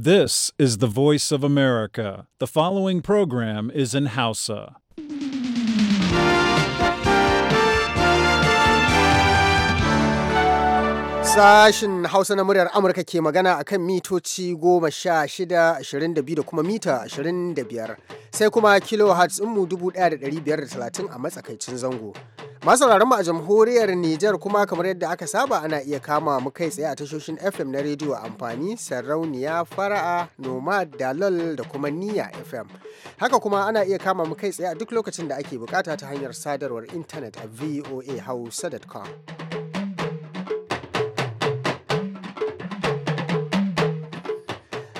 This is the voice of America. The following program is in Hausa. Sashen Hausa na muryar Amurka ke magana a kan mitoci goma sha shida, ashirin da biyu da kuma mita ashirin da biyar, sai kuma kilohertz ɗinmu dubu ɗaya da ɗari biyar da talatin a matsakaicin zango. masauraran mu a jamhuriyar Nijar kuma kamar yadda aka saba ana iya kama mu kai tsaye a tashoshin FM na rediyo amfani sarauniya fara'a nomad dalol da kuma niya FM haka kuma ana iya kama mu kai tsaye a duk lokacin da ake bukata ta hanyar sadarwar intanet a voa hausa.com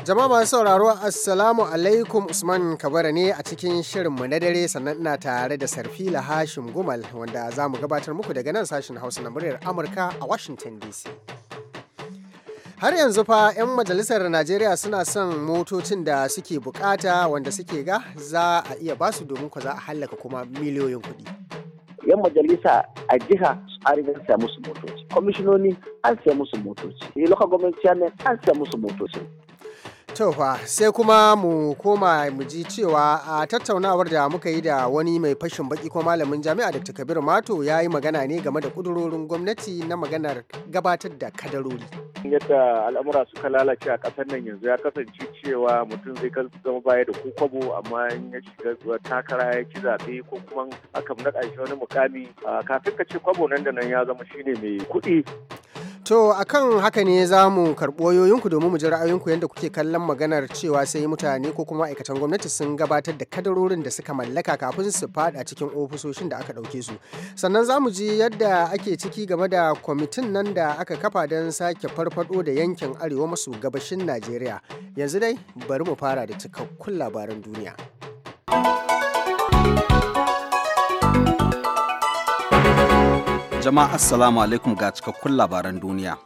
Jama'a masu sauraro Assalamu alaikum Usman Kabara ne a cikin shirinmu na dare sannan ina tare da Sarfila Hashim Gumal wanda za mu gabatar muku daga nan sashen Hausa na muryar Amurka a Washington DC. har yanzu fa 'yan majalisar najeriya suna son motocin da suke bukata wanda suke ga za a iya basu domin ku za a hallaka kuma miliyoyin kuɗi. 'yan majalisa a jiha an riga musu motoci kwamishinoni an musu motoci local government ne an musu motoci Tofa sai kuma mu koma mu ji cewa a tattaunawar da muka yi da wani mai fashin baki ko malamin jami'a da Kabir Mato ya yi magana ne game da kudurorin gwamnati na maganar gabatar da kadarori. Yadda al'amura suka lalace a kasar nan yanzu ya kasance cewa mutum zai zama baya da kwabo amma in ya shiga takara ya ki zaɓe ko kuma aka naɗa shi wani mukami kafin ka ce kwabo nan da nan ya zama shine mai kuɗi. To akan haka ne za mu karɓo yoyinku domin mu ji ra'ayoyinku yadda kuke kallon maganar cewa sai mutane ko kuma aikatan gwamnati sun gabatar da kadarorin da suka mallaka kafin su fada cikin ofisoshin da aka ɗauke su. Sannan za mu ji yadda ake ciki game da kwamitin nan da aka kafa don sake farfado da yankin arewa maso gabashin Najeriya. Yanzu dai bari mu fara da cikakkun labaran duniya. Jama'a Assalamu alaikum ga cikakkun labaran duniya.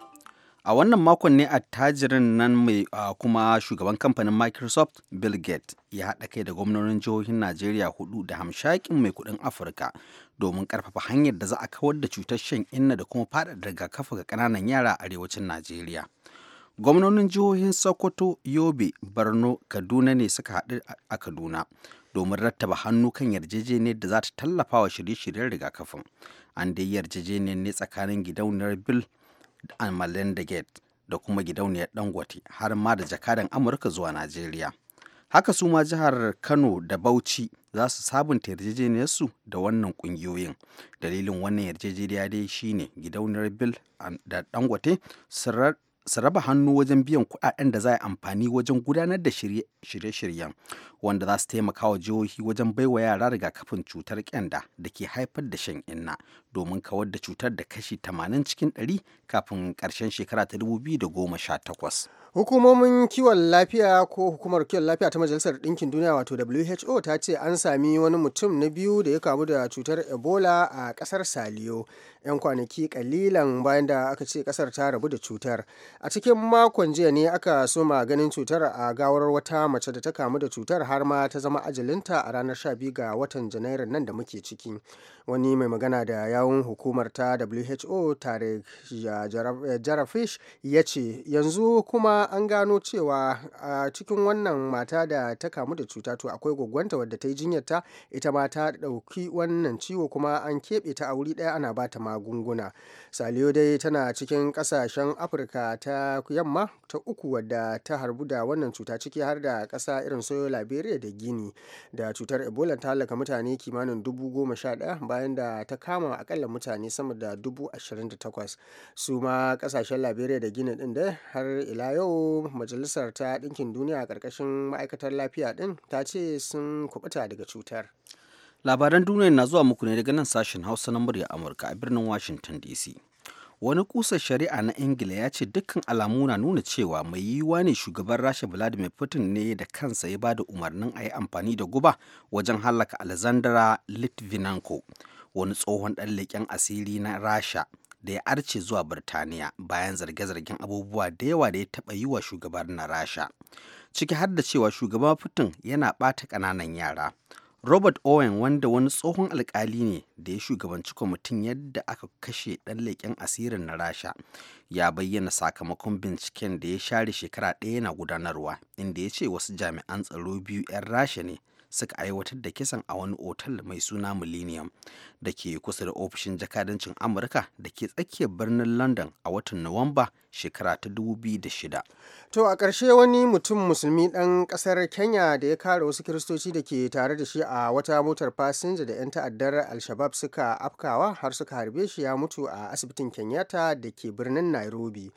A wannan makon ne a tajirin nan mai kuma shugaban kamfanin Microsoft Bill Gates ya haɗa kai da gwamnonin jihohin Najeriya hudu da hamshakin mai kudin Afirka domin ƙarfafa hanyar da za a kawar da cutar shan inna da kuma faɗaɗa kafa ga ƙananan yara a arewacin Najeriya. gwamnonin jihohin sokoto yobe borno kaduna ne suka haɗu a kaduna domin rattaba hannu kan yarjejeniyar da za ta tallafa wa shirye-shiryen rigakafin an dai yarjejeniyar ne tsakanin gidauniyar bill da malinda gate da kuma gidauniyar dangote har ma da jakadan amurka zuwa najeriya haka su ma jihar kano da bauchi za su sabunta yarjejeniyarsu da wannan kungiyoyin dalilin wannan yarjejeniya dai shine gidauniyar bill da dangote su raba hannu wajen biyan kuɗaɗen da za a amfani wajen gudanar da shirye-shiryen wanda za su taimaka wa jihohi wajen baiwa yara rigakafin cutar kyanda da ke haifar da shan inna domin kawar da cutar da kashi 80 cikin 100 kafin karshen shekara ta 2018. Hukumomin kiwon lafiya ko hukumar kiwon lafiya ta Majalisar Ɗinkin Duniya wato WHO ta ce an sami wani mutum na biyu da ya kamu da cutar Ebola a ƙasar Saliyo 'yan kwanaki kalilan bayan da aka ce kasar ta rabu da cutar. A cikin makon jiya ne aka soma ganin cutar a gawar wata mace da ta kamu da cutar har ma ta zama ajalinta a ranar 12 ga watan Janairun nan da muke ciki. Wani mai magana da yawun hukumar ta who tarik eh, jarafish ya ce yanzu kuma an gano cewa a cikin wannan mata da ta kamu da cuta to akwai ta wadda ta yi ta ita ma ta ɗauki wannan ciwo kuma an keɓe ta a wuri ɗaya ana ba ta magunguna saliyo dai tana cikin ƙasashen afirka ta yamma ta uku wadda ta harbu da wannan cuta ciki har da ƙasa irin soyo liberia da gini da cutar ebola ta halaka mutane kimanin dubu goma sha ɗaya bayan da ta kama a akalla mutane sama da dubu ashirin da takwas su ma kasashen liberia da gini din dai har ila yau majalisar ta ɗinkin duniya a ƙarƙashin ma'aikatar lafiya din ta ce sun kubuta daga cutar labaran duniya na zuwa muku ne daga nan sashen hausa na murya amurka a birnin washington dc wani kusa shari'a na ingila ya ce dukkan alamu na nuna cewa mai yiwuwa ne shugaban rasha vladimir putin ne da kansa ya da umarnin a yi amfani da guba wajen hallaka alexandra litvinenko wani tsohon ɗan leƙen asiri na rasha da ya arce zuwa birtaniya bayan zarge-zargen abubuwa da yawa da ya taɓa yi wa shugabar na rasha ciki har da cewa shugaba putin yana ɓata ƙananan yara robert owen wanda wani tsohon alkali ne da ya shugabanci kwamitin yadda aka kashe ɗan leƙen asirin na rasha ya bayyana sakamakon binciken da ya share shekara ɗaya na gudanarwa inda ya ce wasu jami'an tsaro biyu 'yan rasha ne suka aiwatar da kisan a wani otal mai suna millennium da ke kusa da ofishin jakadancin amurka da ke tsakiyar birnin london a watan nuwamba shekara ta 2006 to a ƙarshe wani mutum musulmi ɗan ƙasar kenya da ya kare wasu kiristoci da ke tare da shi a wata motar fasinja da 'yan ta'addar al-shabab suka afkawa har suka harbe shi ya mutu a asibitin kenyatta da ke birnin nairobi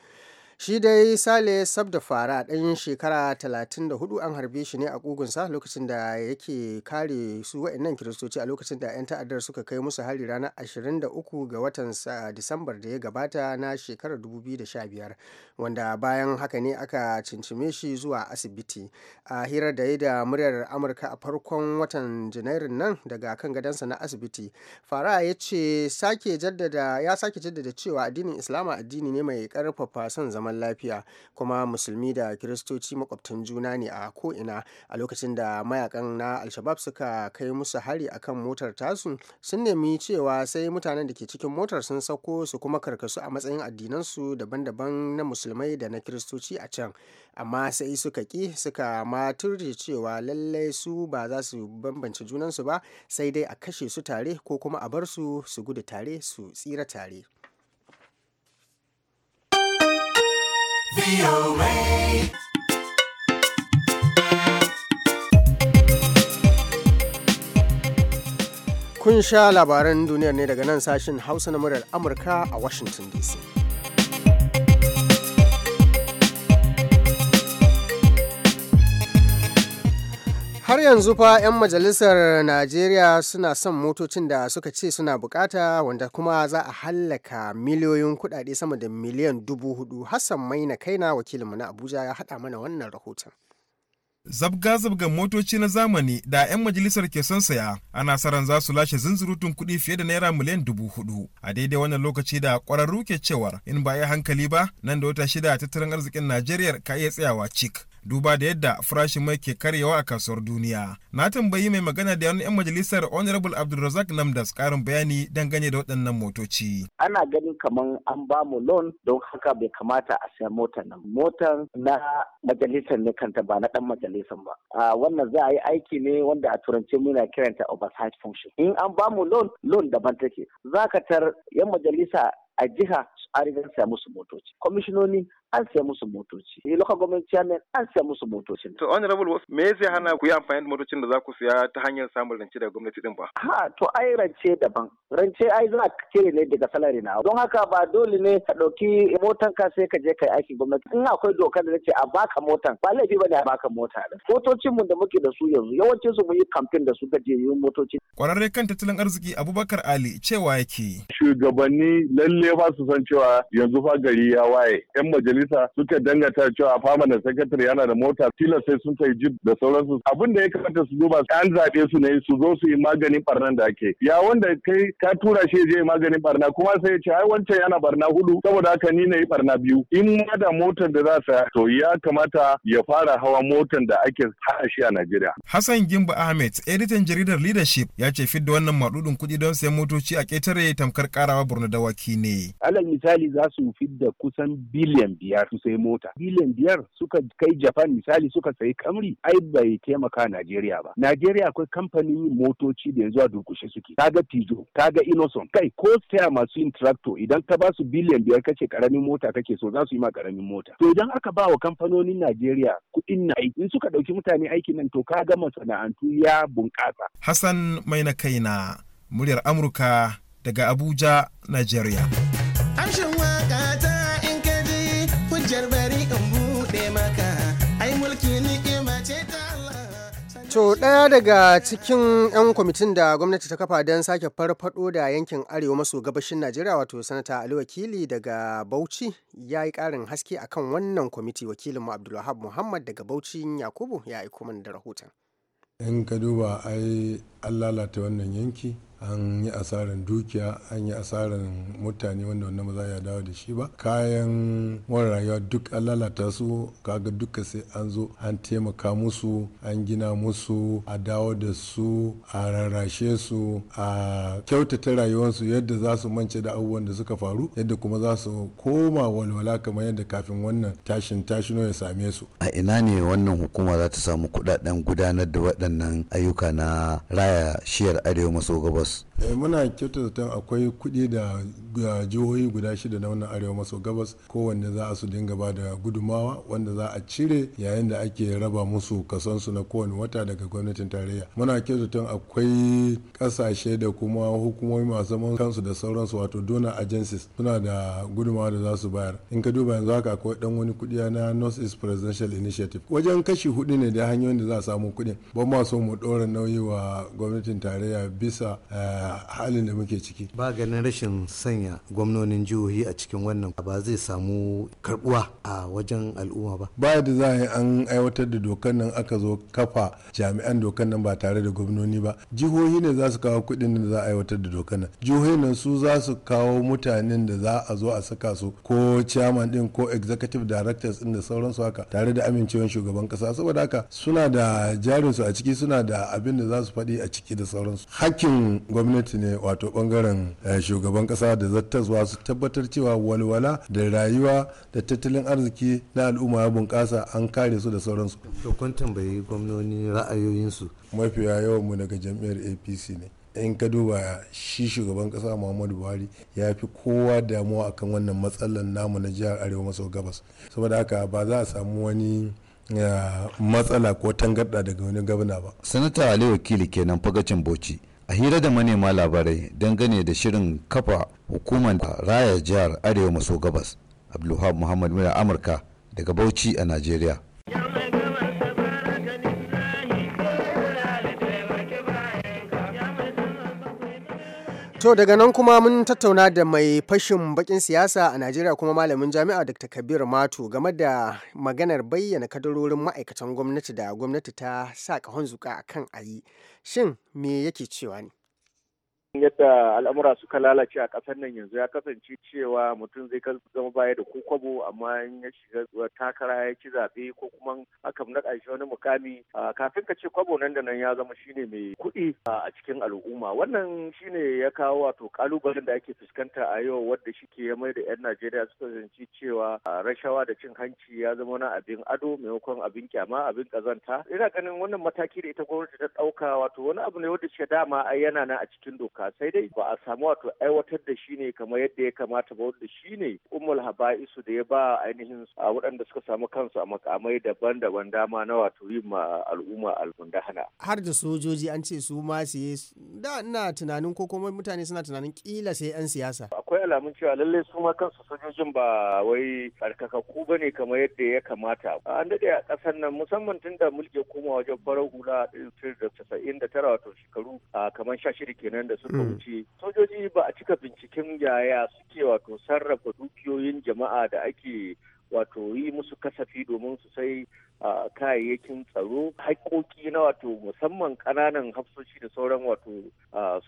shi dai sale sabda fara ɗan shekara 34 an harbe shi ne a ƙugunsa lokacin da yake kare su wa'annan kiristoci a lokacin da 'yan ta'addar suka kai musu hari ranar 23 ga watan disambar da ya gabata na shekarar 2015 wanda bayan haka ne aka cincime shi zuwa asibiti a hirar da ya da muryar amurka a farkon watan janairun nan daga kan gadansa na asibiti fara ya ce sake jaddada ya sake jaddada cewa addinin islama addini ne mai karfafa son zama zaman lafiya kuma musulmi da kiristoci makwabtan juna ne a ko'ina a lokacin da mayakan na alshabab suka kai musu hari akan motar tasu sun nemi cewa sai mutanen da ke cikin motar sun sauko su kuma karkasu a matsayin addinansu daban-daban na musulmai da na kiristoci a can amma sai suka ki suka maturje cewa lallai su ba za su bambance junansu ba sai dai a kashe su tare ko kuma a bar su su gudu tare su tsira tare Kun sha labaran duniyar ne daga nan sashin Hausa na muryar Amurka a Washington DC. har yanzu fa 'yan majalisar najeriya suna son motocin da suka ce suna bukata wanda kuma za a hallaka miliyoyin kudade sama da miliyan dubu hudu hassan maina kaina wakilinmu na abuja ya haɗa mana wannan rahoton zabga-zabgan motoci na zamani da 'yan majalisar ke son saya ana saran za su lashe zunzurutun kuɗi fiye da naira miliyan dubu hudu a daidai wannan lokaci da ƙwararru ke cewar in ba ya hankali ba nan da wata shida a tattalin arzikin najeriya ka iya tsayawa cik duba da yadda farashin mai ke karyewa a kasuwar duniya. Na tambayi mai magana da yawan 'yan majalisar Honorable Abdulrazak Namdas karin bayani dangane da waɗannan motoci. Ana ganin kamar an ba mu loan don haka bai kamata a siya motar nan. Motar na majalisar ne kanta ba na ɗan majalisar ba. A wannan za a yi aiki ne wanda a turance muna kiranta oversight function. In an ba mu loan, loan daban take. Za tar 'yan majalisa a jiha an riga siya musu motoci kwamishinoni an siya musu motoci eh local government chairman an siya musu motoci to wasu me zai hana ku yi amfani da motocin da za ku siya ta hanyar samun rance daga gwamnati din ba ha to ai rance daban rance ai za ka ne daga salari na don haka ba dole ne ka ɗauki motan ka sai ka je kai aikin gwamnati in akwai dokar da ce a baka motan ba laifi bane a baka mota din motocin mu da muke da su yanzu yawancin su mun yi kamfen da su gajiyayyun motoci kwararre kan tattalin arziki Abubakar Ali cewa yake shugabanni lalle ne ba su san cewa yanzu fa gari ya waye yan majalisa suka dangata cewa da sakatare yana da mota tilas sai sun kai jib da sauransu abin da ya kamata su duba an zaɓe su ne su zo su yi maganin barnan da ake ya wanda kai ka tura shi je maganin barna kuma sai ya ce ai wancan yana barna hudu saboda haka ni na yi barna biyu in ma da motar da za sa to ya kamata ya fara hawa motar da ake haɗa shi a Najeriya. Hassan Gimba Ahmed editan jaridar leadership ya ce fidda wannan maɗuɗin kuɗi don sayan motoci a ƙetare tamkar ƙarawa Borno dawaki ne. alal misali za su da kusan biliyan biyar su sai mota biliyan biyar suka kai japan misali suka sayi kamri ai bai taimaka najeriya ba najeriya akwai kamfanin motoci da yanzu a durkushe suke kaga tijo kaga inoson kai ko taya masu yin tractor idan ka ba su biliyan biyar kace karamin mota kake so za su yi ma karamin mota to idan aka ba wa kamfanonin najeriya kuɗin na aiki in suka ɗauki mutane aikin nan to kaga masana'antu ya bunƙasa hassan mai na kaina muryar amurka daga Abuja, Najeriya. Amshin waka in ka ji hujjar bari in buɗe maka, ai mulki ni'ima ce ta To ɗaya daga cikin 'yan kwamitin da gwamnati ta kafa don sake farfado da yankin arewa maso gabashin Najeriya wato sanata Ali Wakili daga Bauchi ya yi ƙarin haske kan wannan kwamiti wakilin wakilinmu Abdulwahab Muhammad daga Bauchi Yakubu ya aiko mana da rahoton. in ka duba ai an lalata wannan yanki an yi asarar dukiya an yi asarar mutane wanda wannan ba za ya dawo da shi ba kayan wani rayuwa duk an lalata su kaga duka sai an zo an taimaka musu an gina musu a dawo da su a rarrashe su a kyautata rayuwarsu yadda za su mance da abubuwan da suka faru yadda kuma za su koma walwala kamar yadda kafin wannan tashin tashino ya same su a ina ne wannan hukuma za ta samu kudaden gudanar da waɗannan ayyuka na raya shiyar arewa maso gabas us. Eh, muna kyautar zaton akwai kuɗi da jihohi guda shida na wannan arewa maso gabas kowanne za a su dinga ba da gudumawa wanda za a cire yayin da ake raba musu kasonsu na kowane wata daga gwamnatin tarayya muna kyauta akwai ƙasashe da kuma hukumomi masu zaman kansu da sauransu wato donor agencies suna da gudumawa da za su bayar in ka duba yanzu haka akwai dan wani kuɗi na north east presidential initiative wajen kashi hudu ne da hanyoyin da za a samu kuɗin ba ma so mu ɗora nauyi wa gwamnatin tarayya bisa eh, halin da muke ciki ba ganin rashin sanya gwamnonin jihohi a cikin wannan ba zai samu karbuwa a wajen al'umma ba ba da za a yi an aiwatar da dokan nan aka zo kafa jami'an dokan nan ba tare da gwamnoni ba jihohi ne za su kawo kuɗin da za a aiwatar da dokar nan jihohi nan su za su kawo mutanen da za a zo a saka su ko chairman din ko executive directors din da sauransu haka tare da amincewar shugaban kasa saboda haka suna da jarinsu a ciki suna da abin da za su faɗi a ciki da sauransu hakkin gwamnati gwamnati ne wato bangaren eh, shugaban kasa da zattaswa su tabbatar cewa walwala da rayuwa da tattalin arziki na al'umma ya bunƙasa an kare su da sauransu. to kun tambayi gwamnoni ra'ayoyinsu. mafiya yawan mu daga jam'iyyar apc ne. in ka duba shi shugaban kasa muhammadu buhari ya fi kowa damuwa akan wannan matsalar namu na jihar arewa maso gabas saboda haka ba za a samu wani eh, matsala ko tangarda daga wani gabna ba sanata ali wakili kenan fagacin bauchi a hira da manema labarai dangane da shirin kafa hukumar raya jihar arewa maso gabas abdulhab muhammad mai amurka daga bauchi a najeriya To daga nan kuma mun tattauna da mai fashin bakin siyasa a Najeriya kuma malamin jami'a Dr. Kabir matu game da maganar bayyana kadarorin ma'aikatan gwamnati da gwamnati ta sa kahon zuka a kan ayi. Shin me yake cewa ne? yadda al'amura suka lalace a kasar nan yanzu ya kasance cewa mutum zai zama baya da ko kwabo amma in ya shiga takara ya ci zaɓe ko kuma aka na ƙarshe wani mukami kafin ka ce kwabo nan da nan ya zama shine mai kuɗi a cikin al'umma wannan shine ya kawo wato kalubalen da ake fuskanta a yau wadda shike ya mai da 'yan Najeriya suka zanci cewa rashawa da cin hanci ya zama na abin ado maimakon abin kyama abin kazanta ina ganin wannan mataki da ita gwamnati ta ɗauka wato wani abu ne wanda dama yana nan a cikin doka sai dai ba a samu wato aiwatar da shi ne kamar yadda ya kamata ba wanda shi ne ummul haba'isu da ya ba ainihin a waɗanda suka samu kansu a makamai daban-daban dama na wato yin ma al'umma hana. Har da sojoji an ce su ma siye da ina tunanin ko kuma mutane suna tunanin kila sai 'yan siyasa. Akwai alamun cewa lallai su ma kansu sojojin ba wai tsarkakakku ba ne kamar yadda ya kamata. An daɗe a ƙasar nan musamman tun da mulki koma wajen farar hula ɗin da casa'in da tara wato shekaru kamar sha shida kenan da su suka mm. sojoji ba a cika binciken yaya suke wato sarrafa dukiyoyin jama'a da ake wato yi musu kasafi domin su sai kayayyakin tsaro haƙoƙi na wato musamman ƙananan hafsoshi da sauran wato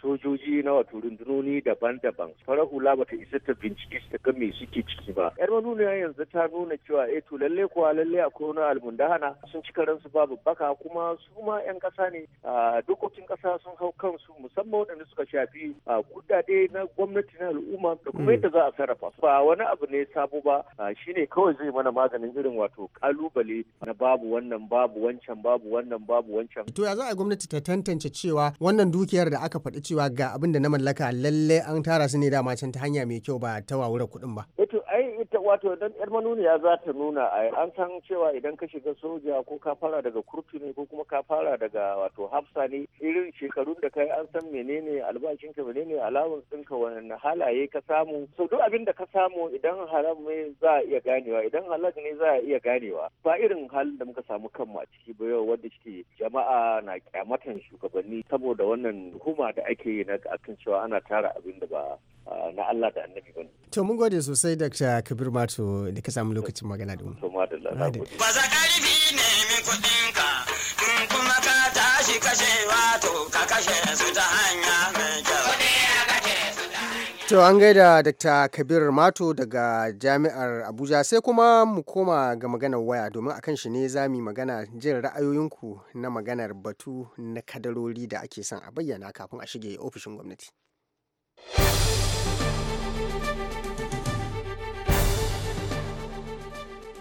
sojoji na wato rundunoni daban-daban farar hula bata isa ta bincike ta ga me suke ciki ba yar manuniya yanzu ta nuna cewa eh to lalle kuwa lalle a na almundahana sun ci karansu babu baka kuma su ma yan ƙasa ne dokokin ƙasa sun hau kansu musamman waɗanda suka shafi Kudade na gwamnati na al'umma da kuma mm. yadda za a sarrafa ba wani abu ne sabo ba shine kawai kawai zai mana maganin irin wato kalubale na babu wannan babu wancan babu wannan babu wancan. To ya za a gwamnati ta tantance cewa wannan dukiyar da aka faɗi cewa ga abin da na mallaka lalle an tara su ne dama can ta hanya mai kyau ba ta wawura kuɗin ba. Eh ai wato dan yar manuniya za ta nuna a an san cewa idan ka shiga soja ko ka fara daga kurtu ne ko kuma ka fara daga wato hafsa ne irin shekarun da kai an san menene albashin ka menene allowance ɗinka wani halaye ka samu so duk abin da ka samu idan haram ne za a iya ganewa idan halal ne za a iya ganewa ba irin halin da muka samu kanmu a ciki ba yau wanda shi jama'a na kyamatan shugabanni saboda wannan huma da ake yi na akan cewa ana tara abin da ba ah, na Allah da annabi bane to mun gode sosai Dr. Kabir Rumatu da ka samu lokacin magana da mu. Ba za nemin kuɗinka in kuma ka tashi kashe ka kashe su ta hanya mai kyau. an gaida Dr. Kabir Mato daga Jami'ar Abuja sai kuma mu koma ga maganar waya domin akan shi ne za mu magana jin ra'ayoyinku na maganar batu na kadarori da ake son a bayyana kafin a shige ofishin gwamnati.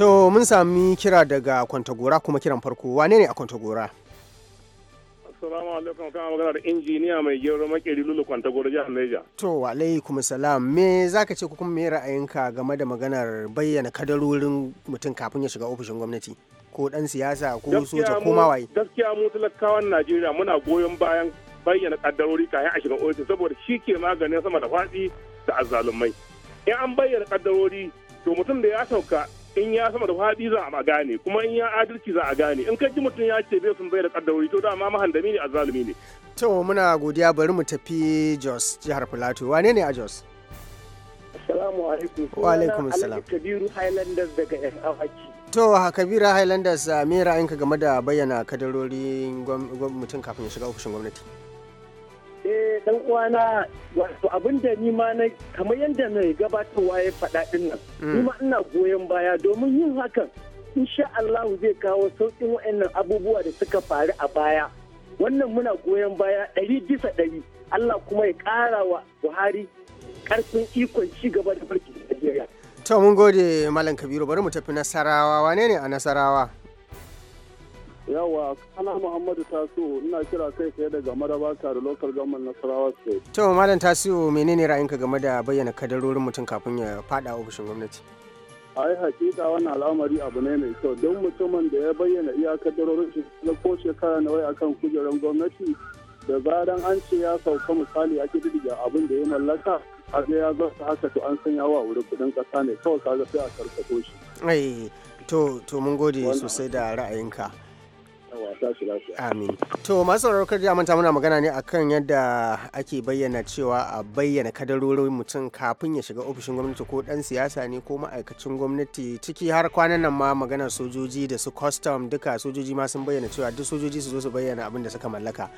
To mun sami kira daga Kwantagora kuma kiran farko wane ne a Kwantagora? Assalamu alaikum kan magana da injiniya mai gero makeri lulu Kwantagora jihar Neja. To alaikum salam me zaka ce kuma me ra'ayinka game da maganar bayyana kadarorin mutum kafin ya shiga ofishin gwamnati? Ko dan siyasa ko soja ko mawaye? Gaskiya mu talakawan Najeriya muna goyon bayan bayyana kadarori kayan a shiga ofishin saboda shi ke maganin sama da fadi da azzalumai. In an bayyana kadarori to mutum da ya sauka in ya sama da faɗi za a gane kuma in ya adalci za a gane in kaji mutum ya ce bai sun bai da kaddauri to dama mahandami ne azzalumi ne to muna godiya bari mu tafi Jos jihar filato wane ne a Jos Assalamu alaikum wa alaikum assalam Kabiru Highlanders daga Awaki to kabiru Highlanders uh, me ra'ayinka game da bayyana kadarorin mutum kafin ya shiga ofishin gwamnati eh dan uwana wato abin da ni ma na kamar yadda mai gabatarwa ya faɗa din nan mm. ni ma ina goyon baya domin yin hakan insha Allah zai kawo sauƙin waɗannan abubuwa da suka faru a baya wannan muna goyon baya ɗari bisa ɗari Allah kuma ya ƙara wa Buhari ƙarfin ikon ci gaba da farki Najeriya. To mun gode Malam Kabiru bari mu tafi Nasarawa wane ne a Nasarawa? yawa kana muhammadu tasiu ina kira kai tsaye daga maraba da local government nasarawa state to malam tasiu menene ra'ayinka game da bayyana kadarorin mutum kafin ya fada ofishin gwamnati ai hakika wannan al'amari abu ne mai kyau don mutumin da ya bayyana iya kadarorin shi na ko shekara na wai akan kujerar gwamnati da zaran an ce ya sauka misali ake didiga abin da ya mallaka har ya zata haka to an sanya wa wurin kudin kasa ne kawai kaga sai a karkato shi ai to to mun gode sosai da ra'ayinka Amin. To masu sauraro kar a manta muna magana ne akan yadda ake bayyana cewa a bayyana kadarorin mutum kafin ya shiga ofishin gwamnati ko dan siyasa ne ko ma'aikacin gwamnati ciki har kwanan nan ma magana sojoji da su custom duka sojoji ma sun bayyana cewa duk sojoji su zo su bayyana abin da suka mallaka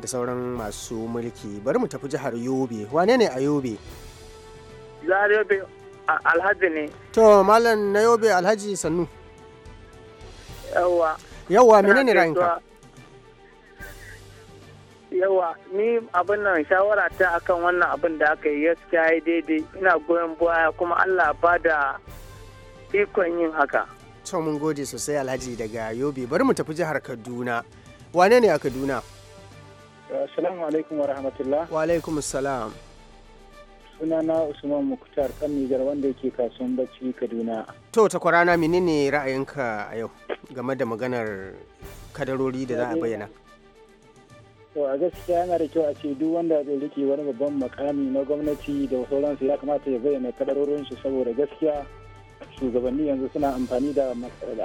da sauran masu mulki. Bari mu tafi jihar Yobe. Wane ne a Yobe? Jihar Yobe Alhaji ne. To Malam na Yobe Alhaji Sannu. Yawwa. yawa menene ra'ayinka? Yawa ni abin nan shawara ta akan wannan abin da aka yi gaskiya ya daidai ina goyon baya kuma Allah ba da ikon yin haka. To mun gode sosai Alhaji daga Yobe bari mu tafi jihar Kaduna. Wane ne a Kaduna? Assalamu alaikum wa rahmatullah. Wa alaikum suna Sunana Usman Muktar kan Nijar wanda yake kasuwan bacci Kaduna. to ta takwarana ne ra'ayinka a yau game da maganar kadarori da za a bayyana to a gaskiya yana da kyau a ce duk wanda zai rike wani babban makami na gwamnati da sauransu ya kamata ya bayyana kadarorinsu saboda gaskiya shugabanni yanzu suna amfani da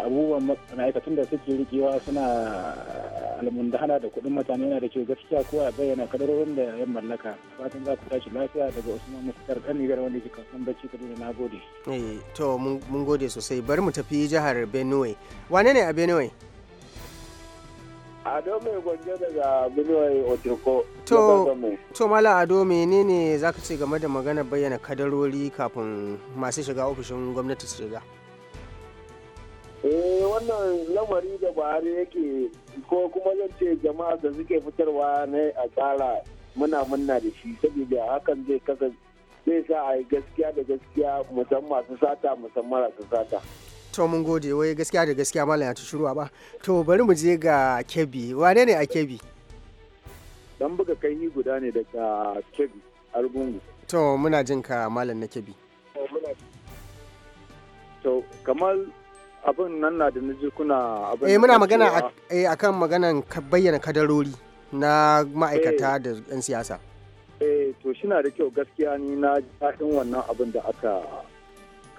abubuwan ma'aikatan da suke rikewa suna almundana da kuɗin mutane yana da ke gaskiya ko a bayyana kadarorin da ya mallaka fatan za ku tashi lafiya daga usman mustar ɗan nigar wanda ke kasan bacci ka na gode. Eh, to mun gode sosai bari mu tafi jihar benue wane ne a benue. Ado mai gwanje daga Binuwai Otoko. To, to Mala Ado menene za ka ce game da maganar bayyana kadarori kafin masu shiga ofishin gwamnati su shiga? Eh wannan lamari da Buhari yake ko kuma zan ce jama'a da suke fitarwa na a tsara muna munna da shi saboda hakan zai kasance zai sa a yi gaskiya da gaskiya musamman su sata musamman su sata. to mun gode wai gaskiya da gaskiya malam ya ci shiruwa ba to bari mu je ga kebi wane ne a kebi dan buga kai ni guda ne daga kebi argungu to muna jin ka malam na kebi to kamar abin nan na da ji kuna abin eh muna magana eh akan maganan bayyana kadarori na ma'aikata eh. da 'yan siyasa eh to shi na da kyau gaskiya ni na daɗin wannan abin da aka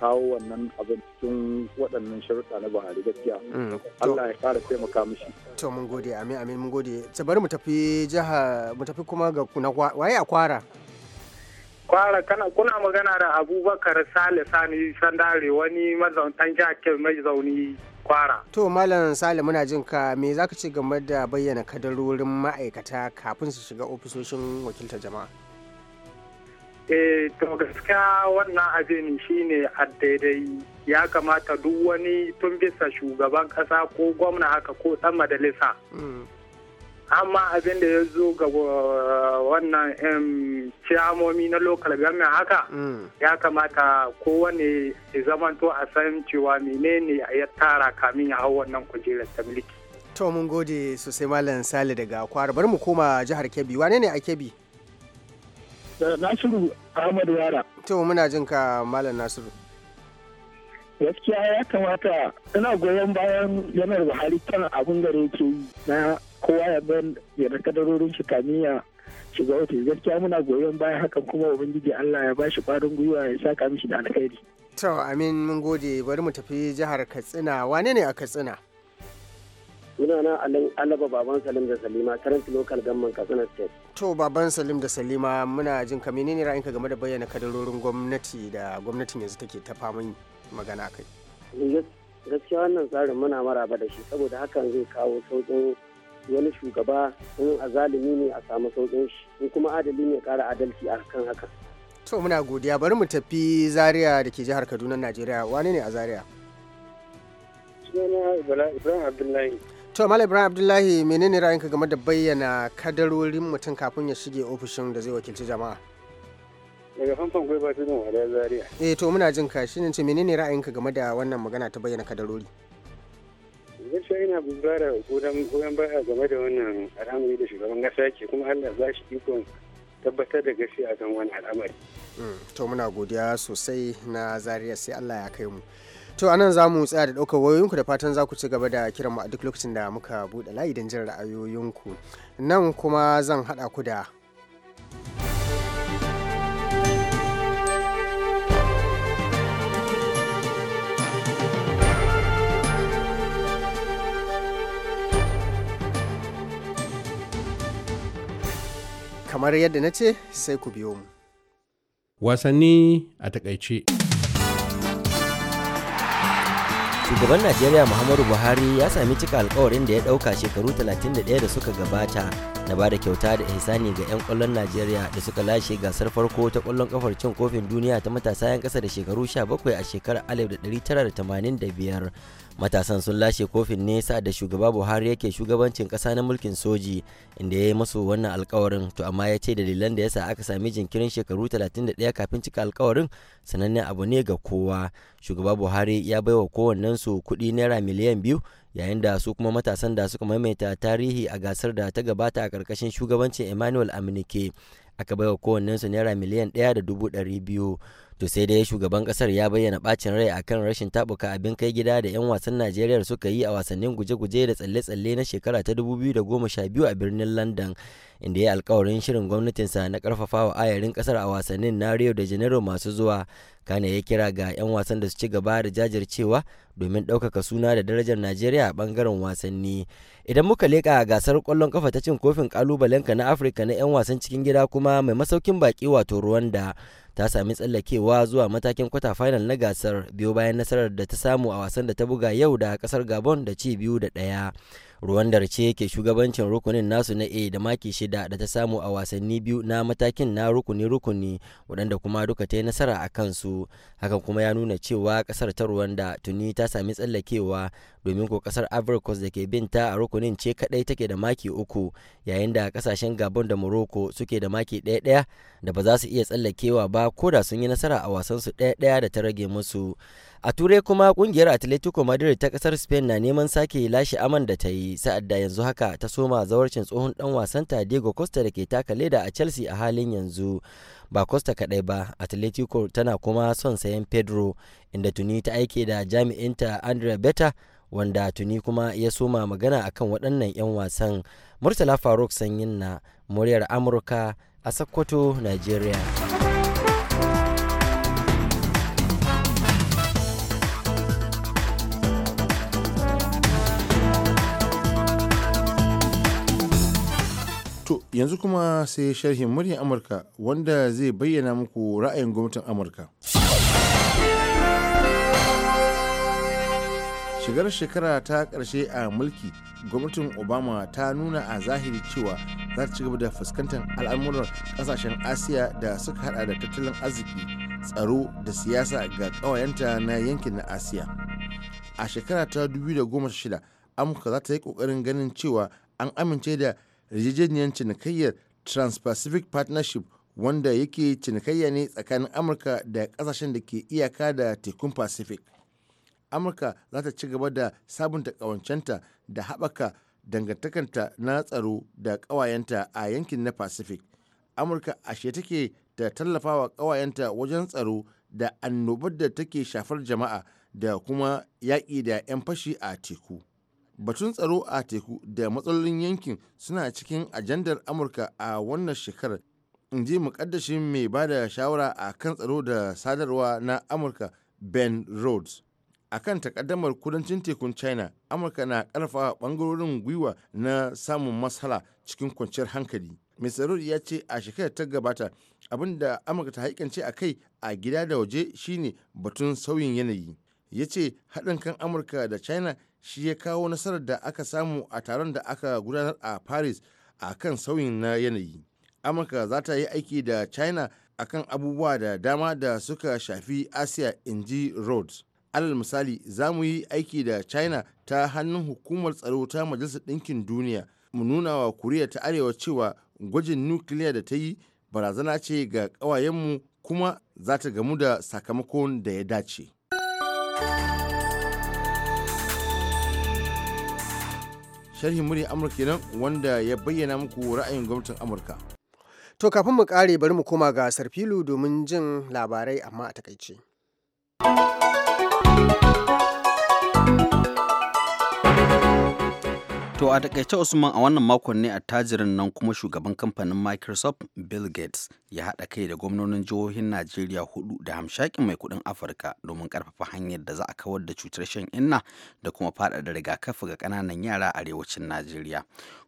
kawo wannan abin cikin waɗannan sharuɗa na Buhari gaskiya. Mm, Allah ya ƙara taimaka mishi. To mun gode amin amin mun gode. Ta bari mu tafi jiha mu tafi kuma ga kuna waye a kwara. Kwara kana kuna magana da Abubakar Sale Sani Sandare wani mazaunan jakin mai zauni kwara. To Malam Sale muna jin ka me zaka ce game da bayyana kadarorin ma'aikata kafin su shiga ofisoshin wakiltar jama'a? eh to gaskiya wannan abin shine a daidai ya kamata duk wani tun bisa shugaban kasa ko gwamna haka ko dan majalisa hmm. amma abin da ya zo ga uh, wannan ciyamomi na local government haka hmm. ya kamata kowane ya to a san cewa menene ya tara kamin ya hau wannan kujerar ta mulki to mun gode sosai malam sale daga kwara bari mu koma jihar kebbi wane ne a kebbi Eh, Nasiru Ahmad Yara. To muna jin ka Malam Nasiru. Gaskiya ya kamata ina goyon bayan yanar Buhari kan abin da yake yi na kowa ya ban ya da kadarorin shi kamiya shiga wata gaskiya muna goyon bayan hakan kuma ubangiji Allah ya bashi kwarin gwiwa ya saka mishi da alkhairi. To amin mun gode bari mu tafi jihar Katsina wane ne a Katsina? sunana alaba baban salim da salima current local gamman katsina state to baban salim da salima muna jin ka menene ra'ayinka game da bayyana kadarorin gwamnati da gwamnatin yanzu take ta yi magana kai gaskiya wannan tsarin muna maraba da shi saboda hakan zai kawo sauƙin wani shugaba in a zalimi ne a samu sauƙin shi in kuma adali ne ƙara adalci a kan haka to muna godiya bari mu tafi zaria da ke jihar kaduna najeriya wane ne a zaria sunana ibrahim abdullahi to malam ibrahim abdullahi menene ra'ayinka game da bayyana kadarorin mutum kafin ya shige ofishin da zai wakilci jama'a daga fanfan kai ba shi ne wada zaria eh to muna jin ka shi ce menene ra'ayinka game da wannan magana ta bayyana kadarori gaskiya ina bada goyon baya game da wannan al'amari da shugaban kasa yake, kuma allah za shi ikon tabbatar da gaskiya kan wani al'amari mm, to muna godiya sosai na Zariya, sai allah ya kai mu to anan za mu tsaya da ɗaukar wayoyinku da fatan za ku ci gaba da kiran mu a duk lokacin da muka buɗe layi don jin ra'ayoyinku nan kuma zan haɗa ku da kamar yadda na ce sai ku biyo mu. Wasanni a takaice. shugaban najeriya muhammadu buhari ya sami cika alkawarin da ya dauka shekaru 31 da suka gabata na ba da kyauta da ihsani ga 'yan kwallon najeriya da suka lashe gasar farko ta kwallon kafar cin kofin duniya ta matasa 'yan kasa da shekaru 17 a shekarar 1985 matasan sun lashe kofin nesa da shugaba buhari yake shugabancin kasa na mulkin soji inda ya yi masu wannan alkawarin to amma ya ce dalilan da yasa aka sami jinkirin shekaru 31 kafin cika alkawarin sanannen abu ne ga kowa shugaba buhari ya baiwa kowannensu kuɗi naira miliyan biyu yayin da su kuma matasan da suka maimaita tarihi a gasar da ta gabata a karkashin shugabancin emmanuel aminike aka baiwa kowannensu naira miliyan ɗaya da dubu biyu to sai dai shugaban kasar ya bayyana bacin rai akan rashin tabuka abin kai gida da 'yan wasan najeriya suka yi a wasannin guje-guje da tsalle-tsalle na shekara ta 2012 a birnin london inda ya alkawarin shirin gwamnatinsa na karfafawa ayarin kasar a wasannin na rio de janeiro masu zuwa kane ya kira ga 'yan wasan da su ci gaba da jajircewa domin ɗaukaka suna da darajar najeriya a bangaren wasanni idan muka leƙa gasar ƙwallon kafa ta cin kofin ƙalubalenka na afirka na 'yan wasan cikin gida kuma mai masaukin baƙi wato rwanda ta sami tsallakewa zuwa matakin kwata final na gasar biyo bayan nasarar da ta samu a wasan da ta buga yau da kasar gabon da ci biyu da ɗaya ruwandar ce ke shugabancin rukunin nasu na a da maki shida da ta samu a wasanni biyu na matakin na rukuni-rukuni waɗanda kuma duka ta yi nasara a kansu hakan kuma ya nuna cewa ƙasar ta ruwanda tuni ta sami tsallakewa domin ko ƙasar ivory da ke binta a rukunin ce kaɗai take da maki uku yayin da ƙasashen gabon da morocco suke da maki ɗaya-ɗaya da ba za su iya tsallakewa ba ko da sun yi nasara a wasansu ɗaya-ɗaya da ta rage musu a turai kuma kungiyar atletico madrid ta kasar spain na neman sake lashe aman da ta yi sa'ad da yanzu haka ta soma zawarcin tsohon dan wasan diego costa da ke taka leda a chelsea a halin yanzu ba costa kadai ba atletico tana kuma son sayan pedro inda tuni ta aike da jami'inta andrea beta wanda tuni kuma ya soma magana akan waɗannan 'yan wasan murtala faruk sanyin na muryar amurka a sokoto nigeria Yanzu kuma sai sharhin muryar Amurka wanda zai bayyana muku ra'ayin gwamnatin Amurka. Shigar shekara ta ƙarshe a mulki, gwamnatin Obama ta nuna a zahiri cewa za ta ci gaba da fuskantar al'amuran ƙasashen Asiya da suka hada da tattalin arziki, tsaro da siyasa ga ƙawayenta na yankin na Asiya. A shekara ta 2016, Amurka za ta yi ƙoƙarin ganin cewa an amince da yarjejeniyar cinikayyar trans-pacific partnership wanda yake cinikayya ne tsakanin amurka da kasashen da ke iyaka da tekun pacific amurka za ta ci gaba da sabunta kawancenta da haɓaka dangantakanta na tsaro da ƙawayenta a yankin na pacific amurka ashe take da tallafawa ƙawayenta wajen tsaro da annobar da take shafar jama'a da kuma yaƙi da 'yan fashi a teku. batun tsaro a teku da matsalolin yankin suna cikin ajandar amurka a wannan shekarar in ji mukaddashin mai ba da shawara a kan tsaro da sadarwa na amurka ben rhodes a kan takaddamar kudancin tekun china amurka na karfafa bangarorin gwiwa na samun matsala cikin kwanciyar hankali mai tsaro ya ce a shekarar ta gabata abin da amurka ta haikance a kai a gida da waje shine batun sauyin yanayi ya ce haɗin kan amurka da china shi ya kawo nasarar da aka samu a taron da aka gudanar a paris a kan sauyin na yanayi amurka za ta yi aiki da china a kan abubuwa da dama da suka shafi asia in ji rhodes alal misali za mu yi aiki da china ta hannun hukumar tsaro ta majalisar ɗinkin duniya mu nuna wa koriya ta arewa cewa gwajin nukiliya da ta yi barazana ce ga ƙawayenmu kuma za ta gamu da sakamakon da ya dace. sharhin muryar amurka kenan wanda ya bayyana muku ra'ayin gwamnatin amurka to kafin mu kare bari mu koma ga sarfilu domin jin labarai amma a takaice. To a takaice Usman a wannan makon ne a tajirin nan kuma shugaban kamfanin Microsoft Bill Gates ya haɗa kai da gwamnonin jihohin Najeriya hudu da hamshakin mai kudin Afirka domin karfafa hanyar da za a kawar da cutar shan inna da kuma faɗaɗa rigakafi ga ƙananan yara a arewacin Najeriya.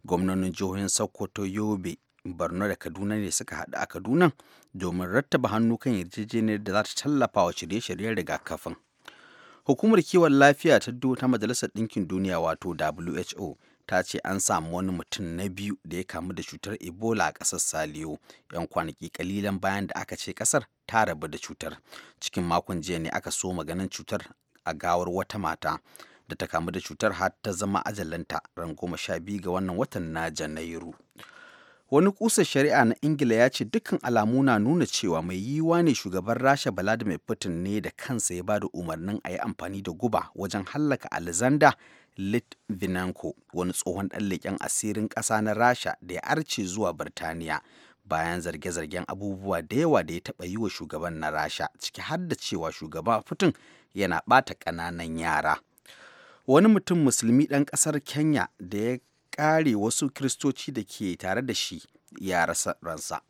Gwamnonin jihohin Sokoto, Yobe, Borno da Kaduna ne suka haɗu a Kaduna domin rattaba hannu kan yarjejeniyar da za ta tallafa wa shirye-shiryen rigakafin. Hukumar kiwon lafiya ta ta Majalisar Ɗinkin Duniya wato WHO ta ce an samu wani mutum na biyu da ya kamu da cutar ebola a ƙasar saliyo yan kwanaki kalilan bayan da aka ce ƙasar ta rabu da cutar cikin makon jiya ne aka so maganin cutar a gawar wata mata da ta kamu da cutar har ta zama ajalanta ran goma sha biyu ga wannan watan na janairu wani kusa shari'a na ingila ya ce dukkan alamu na nuna cewa mai yiwuwa ne shugaban rasha vladimir putin ne da kansa ya ba da umarnin a yi amfani da guba wajen hallaka alexander Litvinenko wani tsohon ɗan leƙen asirin ƙasa na Rasha da ya arce zuwa Birtaniya bayan zarge-zargen abubuwa da yawa da ya taɓa yi wa shugaban na Rasha ciki har da cewa shugaba Putin yana ɓata ƙananan yara. Wani mutum musulmi ɗan ƙasar Kenya da ya ƙare wasu kiristoci da ke tare da shi ya rasa ransa.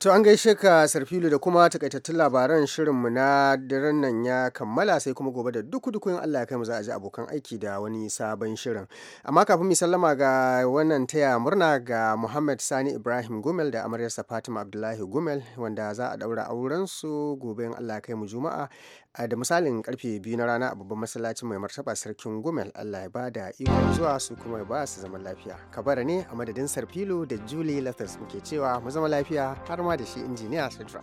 To an gaishe ka Sarfilu da kuma takaitattun labaran shirinmu na daren nan ya kammala sai kuma gobe da duk dukun Allah ya kai mu za a ji abokan aiki da wani sabon shirin. Amma kafin mu sallama ga wannan taya murna ga Muhammad Sani Ibrahim Gumel da amaryarsa Fatima Abdullahi Gumel wanda za a daura auren su gobe in Allah ya kai mu Juma'a a da misalin karfe biyu na rana a babban masallacin mai martaba sarkin gumel allah ya ba da ikon zuwa su kuma ya ba su zaman lafiya kabara ne a madadin sarfilo da julie lathas muke cewa mu zama lafiya har ma da shi injiniya sadra